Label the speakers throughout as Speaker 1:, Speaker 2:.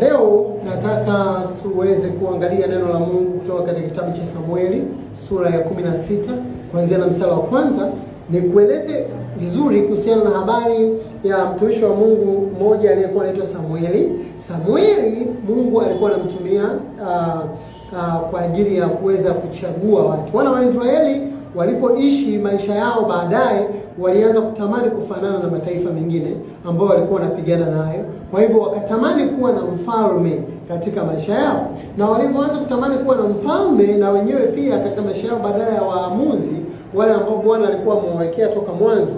Speaker 1: Leo nataka tuweze kuangalia neno la Mungu kutoka katika kitabu cha Samueli sura ya 16 kuanzia na mstari wa kwanza, ni kueleze vizuri kuhusiana na habari ya mtumishi wa Mungu mmoja aliyekuwa anaitwa Samueli. Samueli Mungu alikuwa anamtumia uh, uh, kwa ajili ya kuweza kuchagua watu wana wa Israeli walipoishi maisha yao baadaye, walianza kutamani kufanana na mataifa mengine ambayo walikuwa wanapigana nayo. Kwa hivyo wakatamani kuwa na mfalme katika maisha yao, na walivyoanza kutamani kuwa na mfalme na wenyewe pia katika maisha yao baadaye ya waamuzi wale ambao Bwana alikuwa amewawekea toka mwanzo,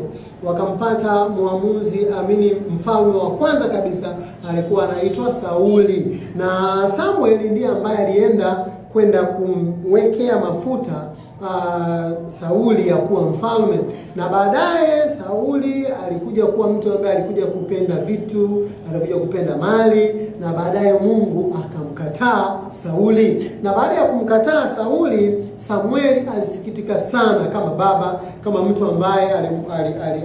Speaker 1: wakampata mwamuzi amini, mfalme wa kwanza kabisa alikuwa anaitwa Sauli, na Samuel ndiye ambaye alienda kwenda kumwekea mafuta uh, Sauli ya kuwa mfalme, na baadaye Sauli alikuja kuwa mtu ambaye alikuja kupenda vitu, alikuja kupenda mali, na baadaye Mungu akamkataa Sauli, na baada ya kumkataa Sauli, Samueli alisikitika sana kama baba, kama mtu ambaye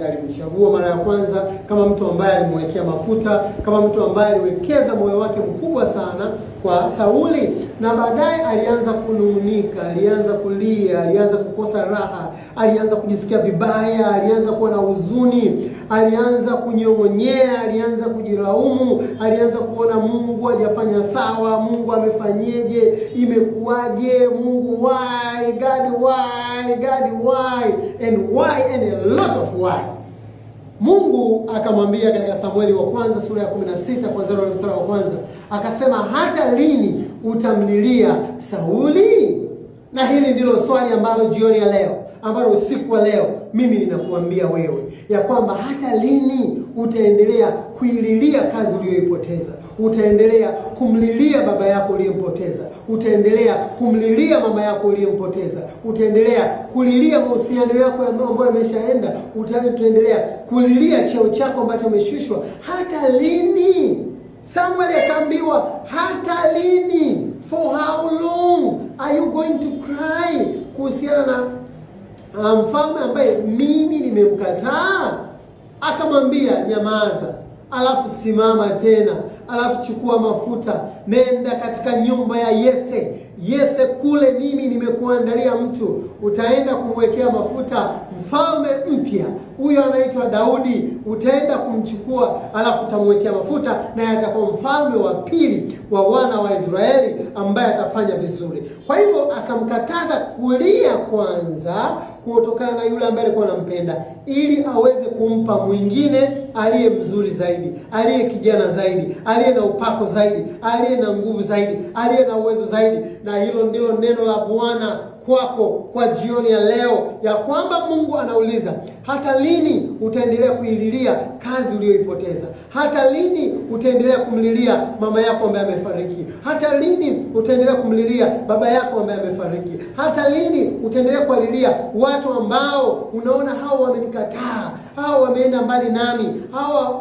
Speaker 1: alimchagua mara ya kwanza, kama mtu ambaye alimwekea mafuta, kama mtu ambaye aliwekeza moyo wake mkubwa sana kwa Sauli, na baadaye alianza kunung'unika, alianza kulia, alianza kukosa raha, alianza kujisikia vibaya, alianza kuwa na huzuni, alianza kunyong'onyea, alianza kujilaumu, alianza kuona Mungu hajafanya sawa, Mungu amefanyeje, imekuwaje, Mungu why, God why, God why and why and a lot of why Mungu akamwambia katika Samueli wa kwanza sura ya 16 kuanzia ule mstari wa kwanza, akasema hata lini utamlilia Sauli? Na hili ndilo swali ambalo jioni ya leo, ambalo usiku wa leo mimi ninakuambia wewe ya kwamba hata lini utaendelea kuililia kazi uliyoipoteza? utaendelea kumlilia baba yako uliyempoteza, utaendelea kumlilia mama yako uliyempoteza, utaendelea kulilia mahusiano yako ambayo yameshaenda, utaendelea kulilia cheo chako ambacho umeshushwa. Hata lini? Samuel akaambiwa hata lini, for how long are you going to cry, kuhusiana na ah, mfalme um, ambaye mimi nimemkataa. Akamwambia nyamaza alafu simama tena, alafu chukua mafuta, nenda katika nyumba ya Yese Yese kule mimi nimekuandalia mtu, utaenda kumwekea mafuta mfalme mpya, huyo anaitwa Daudi. Utaenda kumchukua alafu utamwekea mafuta, naye atakuwa mfalme wa pili wa wana wa Israeli ambaye atafanya vizuri. Kwa hivyo akamkataza kulia kwanza, kutokana na yule ambaye alikuwa anampenda, ili aweze kumpa mwingine aliye mzuri zaidi, aliye kijana zaidi, aliye na upako zaidi, aliye na nguvu zaidi, aliye na uwezo zaidi na na hilo ndilo neno la Bwana kwako kwa jioni ya leo, ya kwamba Mungu anauliza hata lini utaendelea kuililia kazi uliyoipoteza? Hata lini utaendelea kumlilia mama yako ambaye amefariki? Hata lini utaendelea kumlilia baba yako ambaye amefariki? Hata lini utaendelea kuwalilia watu ambao unaona hao wamenikataa, hao wameenda mbali nami, hao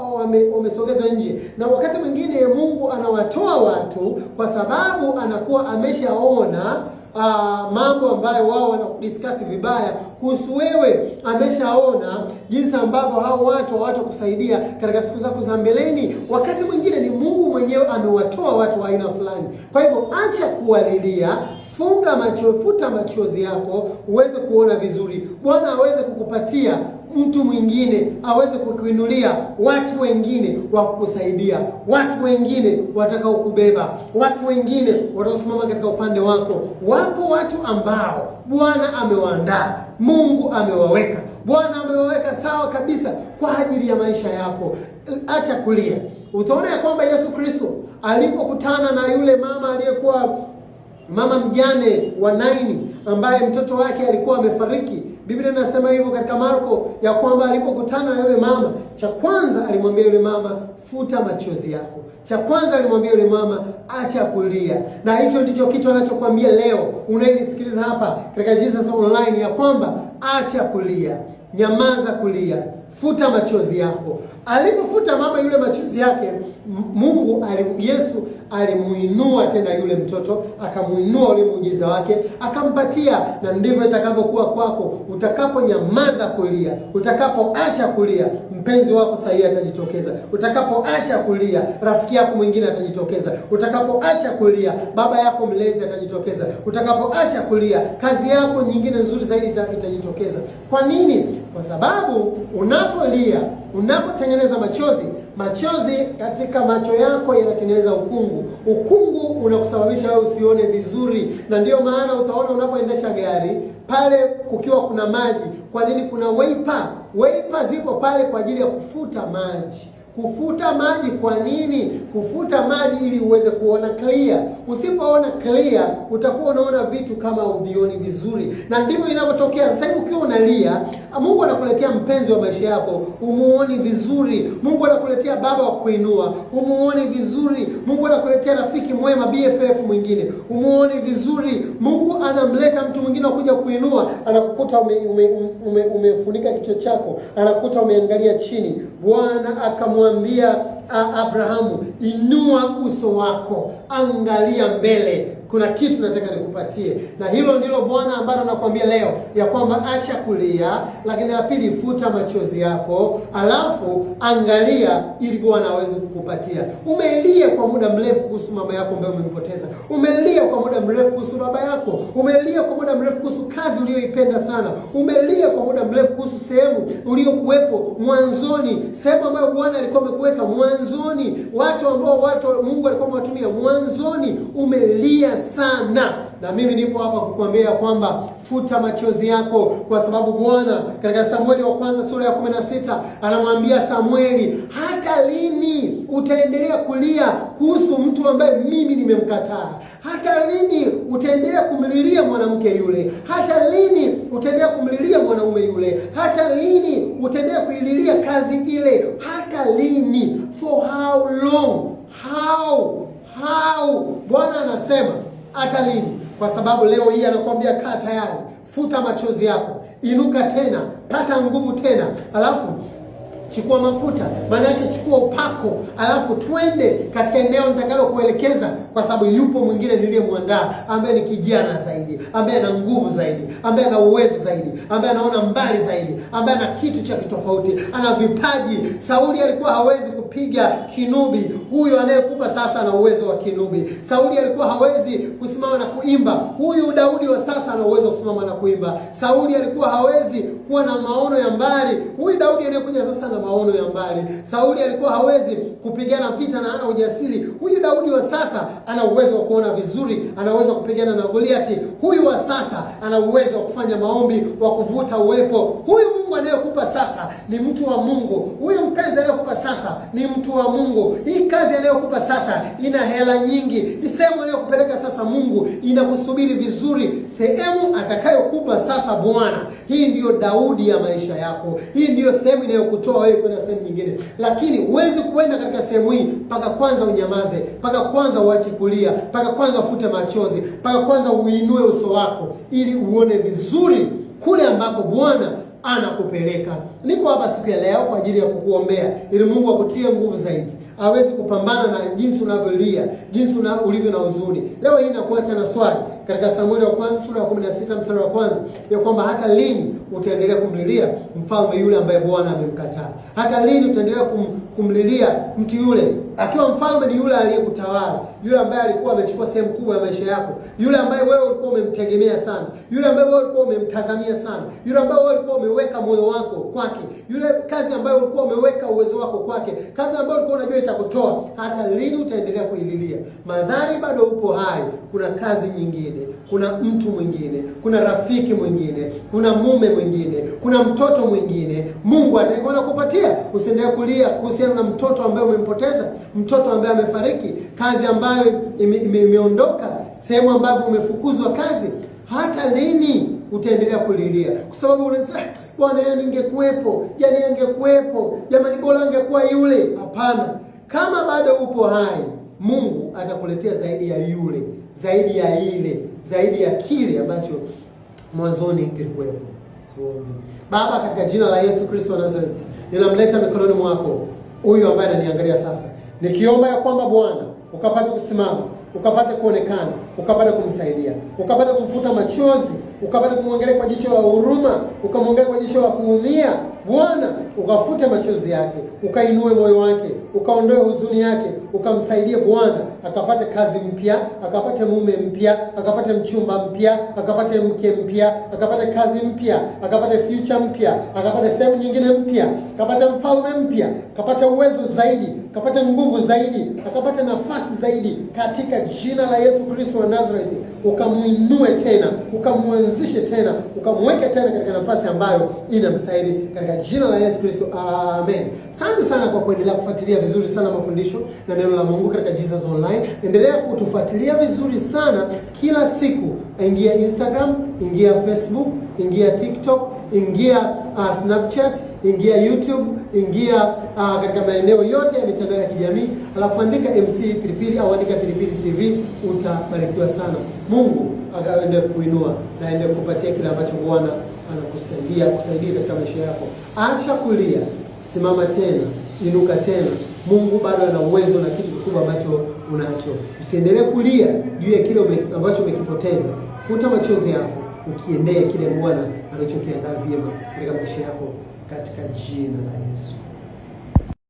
Speaker 1: wamesogezwa nje? Na wakati mwingine Mungu anawatoa watu kwa sababu anakuwa ameshaona uh, mambo ambayo wao wanakudiskasi vibaya kuhusu wewe. Ameshaona jinsi ambavyo hao watu hawatakusaidia katika siku zako za mbeleni. Wakati mwingine ni Mungu mwenyewe amewatoa watu wa aina fulani, kwa hivyo acha kuwalilia funga macho, futa machozi yako uweze kuona vizuri. Bwana aweze kukupatia mtu mwingine aweze kukuinulia watu wengine wa kukusaidia, watu wengine kubeba, watu wengine wataosimama katika upande wako. Wapo watu ambao Bwana amewaandaa, Mungu amewaweka, Bwana amewaweka sawa kabisa kwa ajili ya maisha yako. Acha kulia, utaona ya kwamba Yesu Kristo alipokutana na yule mama aliyekuwa mama mjane wa Naini ambaye mtoto wake alikuwa amefariki. Biblia inasema hivyo katika Marko ya kwamba alipokutana na yule mama, cha kwanza alimwambia yule mama, futa machozi yako. Cha kwanza alimwambia yule mama, acha kulia. Na hicho ndicho kitu anachokwambia leo unayenisikiliza hapa katika Jesus Online ya kwamba acha kulia, nyamaza kulia futa machozi yako. Alipofuta mama yule machozi yake, Mungu ali, Yesu alimuinua tena yule mtoto, akamuinua ule muujiza wake akampatia. Na ndivyo itakavyokuwa kwako utakaponyamaza kulia, utakapoacha kulia, mpenzi wako sahihi atajitokeza. Utakapoacha kulia, rafiki yako mwingine atajitokeza. Utakapoacha kulia, baba yako mlezi atajitokeza. Utakapoacha kulia, kazi yako nyingine nzuri zaidi itajitokeza. Kwa nini? kwa sababu unapolia, unapotengeneza machozi, machozi katika macho yako yanatengeneza ukungu. Ukungu unakusababisha wewe usione vizuri, na ndiyo maana utaona unapoendesha gari pale kukiwa kuna maji. Kwa nini? Kuna weipa weipa zipo pale kwa ajili ya kufuta maji. Kufuta maji kwa nini? Kufuta maji ili uweze kuona clear. Usipoona clear, utakuwa unaona vitu kama uvioni vizuri, na ndivyo inavyotokea sasa hivi. Ukiwa unalia, Mungu anakuletea mpenzi wa maisha yako, umuoni vizuri. Mungu anakuletea baba wa kuinua, umuoni vizuri. Mungu anakuletea rafiki mwema, BFF mwingine, umuoni vizuri. Mungu anamleta mtu mwingine wa kuja kuinua, anakukuta ume, ume, ume, umefunika kichwa chako, anakukuta umeangalia chini. Bwana aka akamwambia Abrahamu, inua uso wako, angalia mbele, kuna kitu nataka nikupatie, na hilo ndilo Bwana ambalo nakwambia leo ya kwamba acha kulia, lakini la pili, futa machozi yako, alafu angalia ili Bwana aweze kukupatia. Umelia kwa muda mrefu kuhusu mama yako ambaye umempoteza, umelia kwa muda mrefu kuhusu baba yako, umelia kwa muda mrefu kuhusu kazi uliyoipenda sana, umelia kwa muda mrefu kuhusu sehemu uliokuwepo mwanzoni, sehemu ambayo Bwana alikuwa amekuweka mwanzoni, watu ambao watu Mungu alikuwa amewatumia mwanzoni, umelia sana, na mimi nipo hapa kukuambia kwamba futa machozi yako, kwa sababu Bwana katika Samueli wa kwanza sura ya 16 anamwambia Samueli, hata lini utaendelea kulia kuhusu mtu ambaye mimi nimemkataa? Hata lini utaendelea kumlilia mwanamke yule? Hata lini utaendelea kumlilia mwanaume yule? Hata lini utaendelea kuililia kazi ile? Hata lini? For how long? How? How? Bwana anasema hata lini? Kwa sababu leo hii anakuambia kaa tayari, futa machozi yako, inuka tena, pata nguvu tena, alafu chukua mafuta, maana yake chukua upako, alafu twende katika eneo nitakalo kuelekeza, kwa sababu yupo mwingine niliyemwandaa, ambaye ni kijana zaidi, ambaye ana nguvu zaidi, ambaye ana uwezo zaidi, ambaye anaona mbali zaidi, ambaye ana kitu cha kitofauti, ana vipaji. Sauli alikuwa hawezi kupiga kinubi, huyu anayekupa sasa ana uwezo wa kinubi. Sauli alikuwa hawezi kusimama na kuimba, huyu Daudi wa sasa ana uwezo wa kusimama na kuimba. Sauli alikuwa hawezi kuwa na maono ya mbali, huyu Daudi anayekuja sasa na na maono ya mbali. Sauli alikuwa hawezi kupigana vita na ana ujasiri. Huyu Daudi wa sasa ana uwezo wa kuona vizuri, ana uwezo wa kupigana na Goliati. Huyu wa sasa ana uwezo wa kufanya maombi, wa kuvuta uwepo. Huyu Mungu anayekupa sasa ni mtu wa Mungu. Huyu mpenzi anayekupa sasa ni mtu wa Mungu. Hii kazi anayokupa sasa ina hela nyingi. Sehemu anayokupeleka sasa Mungu inakusubiri vizuri, sehemu atakayokupa sasa Bwana. Hii ndiyo Daudi ya maisha yako. Hii ndiyo sehemu inayokutoa wewe kwenda sehemu nyingine, lakini huwezi kuenda katika sehemu hii mpaka kwanza unyamaze, mpaka kwanza uache kulia, mpaka kwanza ufute machozi, mpaka kwanza uinue uso wako ili uone vizuri kule ambako Bwana anakupeleka. Niko hapa siku ya leo kwa ajili ya kukuombea ili Mungu akutie nguvu zaidi, aweze kupambana na jinsi unavyolia, jinsi una, ulivyo na huzuni. Leo hii nakuacha na swali katika Samueli wa kwanza sura ya 16 mstari wa kwanza ya kwamba hata lini utaendelea kumlilia mfalme yule ambaye Bwana amemkataa? Hata lini utaendelea kum, kumlilia mtu yule akiwa mfalme ni yule aliyekutawala, yule ambaye alikuwa amechukua sehemu kubwa ya maisha yako, yule ambaye wewe ulikuwa umemtegemea sana, yule ambaye wewe ulikuwa umemtazamia sana, yule ambaye wewe ulikuwa umeweka moyo wako kwa kwake, yule kazi ambayo ulikuwa umeweka uwezo wako kwake, kazi ambayo ulikuwa unajua itakutoa. Hata lini utaendelea kuililia? Madhari bado upo hai, kuna kazi nyingine, kuna mtu mwingine, kuna rafiki mwingine, kuna mume mwingine, kuna mtoto mwingine. Mungu atakwenda kupatia. Usiendelee kulia kuhusiana na mtoto ambaye umempoteza, mtoto ambaye amefariki, kazi ambayo imeondoka, ime, ime sehemu ambapo umefukuzwa kazi. Hata lini? utaendelea kulilia kwa sababu unasema eh, bwana, yeye ningekuwepo, jana angekuwepo, jamani, bora angekuwa yule. Hapana, kama bado upo hai, Mungu atakuletea zaidi ya yule, zaidi ya ile, zaidi ya kile ambacho mwanzoni kilikuwepo. Tuombe. Baba, katika jina la Yesu Kristo wa Nazareti, ninamleta mikononi mwako huyu ambaye ananiangalia sasa, nikiomba ya kwamba Bwana ukapate kusimama ukapate kuonekana, ukapate kumsaidia, ukapate kumfuta machozi, ukapate kumwangalia kwa jicho la huruma, ukamwangalia kwa jicho la kuumia. Bwana ukafute machozi yake, ukainue moyo wake, ukaondoe huzuni yake, ukamsaidie Bwana akapate kazi mpya, akapate mume mpya, akapate mchumba mpya, akapate mke mpya, akapate kazi mpya, akapate future mpya, akapate sehemu nyingine mpya, akapate mfalme mpya, akapate uwezo zaidi, akapate nguvu zaidi, akapate nafasi zaidi, katika jina la Yesu Kristo wa Nazareti ukamuinue tena, ukamuanzishe tena, ukamweke tena katika nafasi ambayo inamstahili katika jina la Yesu Kristo, amen. Asante sana kwa kuendelea kufuatilia vizuri sana mafundisho na neno la Mungu katika Jesus Online. Endelea kutufuatilia vizuri sana kila siku, ingia Instagram, ingia Facebook, ingia TikTok, ingia uh, Snapchat, ingia YouTube, ingia uh, katika maeneo yote ya mitandao ya kijamii, alafu andika MC Pilipili au andika Pilipili TV, utabarikiwa sana. Mungu aende kuinua na aende kupatia kile ambacho Bwana anakusaidia kusaidia katika maisha yako. Acha kulia, simama tena, inuka tena. Mungu bado ana uwezo na kitu kikubwa ambacho unacho. Usiendelee kulia juu ya kile ambacho umekipoteza. Futa machozi yako, ukiendea kile Bwana anachokiandaa vyema katika maisha yako katika jina la Yesu.